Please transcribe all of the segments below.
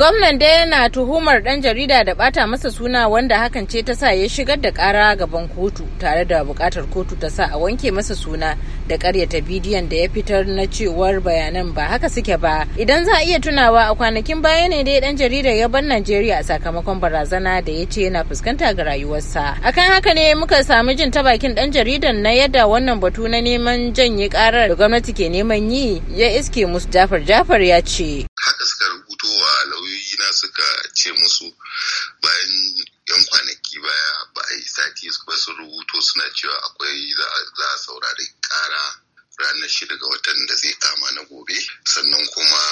Gwamnan dai yana tuhumar ɗan jarida da bata masa suna wanda hakan ce ta sa ya shigar da ƙara gaban kotu tare da buƙatar kotu ta sa a wanke masa suna da ta bidiyon da ya fitar na cewar bayanan ba haka suke ba. Idan za a iya tunawa a kwanakin baya ne dai ɗan jaridar ya bar Najeriya a sakamakon barazana da ya ce yana fuskanta ga rayuwarsa. Akan haka ne muka samu jin ta bakin ɗan jaridan na yadda wannan batu na neman janye karar da gwamnati ke neman yi ya iske musu Jafar Jafar ya ce. ce musu bayan yan kwanaki baya ba a yi sati ba sun rubuto suna cewa akwai za a saurari kara ranar shida ga watan da zai kama na gobe sannan kuma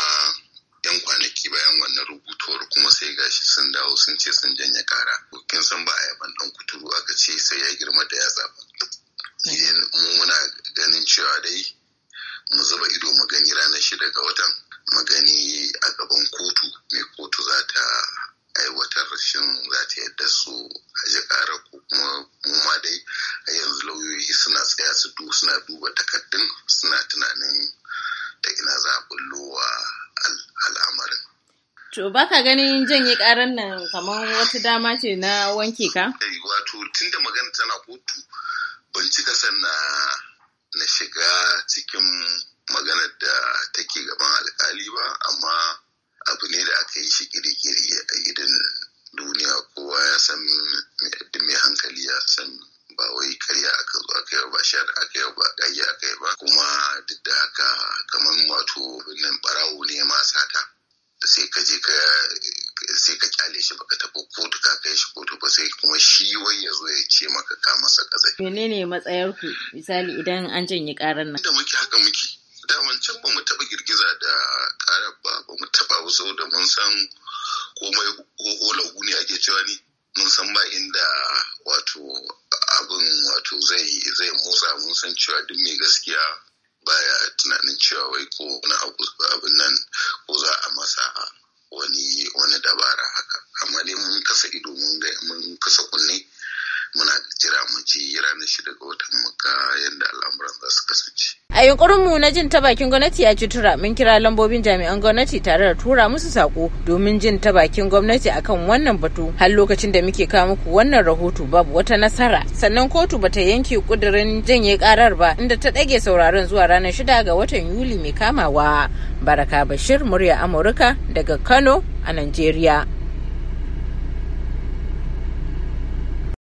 yan kwanaki bayan wannan rubutuwar kuma sai gashi sun dawo sun ce sun janye kara kin san ba a yaban dan kuturu aka ce sai ya girma da ya zaba mu muna ganin cewa dai mu zuba ido mu gani ranar shida ga watan mu gani a gaban kotu takaddun suna tunanin da ina za a wa al'amarin. To ba ka ganin janye karan nan kamar wata dama ce na wanke ka? Eh, wato tun da magana tana kotu ban cika san na shiga cikin ba wai karya aka zo aka yi ba shan aka yi ba ƙayya aka yi ba kuma duk da haka kamar wato nan barawo ne ma sata sai ka je ka sai ka kyale shi baka tafi kotu ka kai shi kotu ba sai kuma shi wai ya zo ya ce maka ka masa kazai. Menene matsayar ku misali idan an janye karar nan? Da muke haka muke. Daman can ba mu taɓa girgiza da karar ba ba mu taɓa wasu da mun san komai ko hula ne ake cewa ni. mun san ba inda wato abin wato zai zai motsa mun san cewa duk mai gaskiya baya tunanin cewa wai ko na abin nan ko za a masa wani wani dabara haka amma dai mun kasa ido mun ga mun kasa kunne muna jira mu ji ranar shida ga watan muka A mu na jin ta bakin gwamnati ya ci tura mun kira lambobin jami'an gwamnati tare da tura musu sako domin jin ta bakin gwamnati akan wannan batu har lokacin da muke kawo muku wannan rahoto babu wata nasara. Sannan kotu bata yanke kudirin janye karar ba inda ta ɗage sauraron zuwa ranar shida ga watan Yuli mai kamawa. Baraka Bashir murya Amurka daga Kano a Najeriya.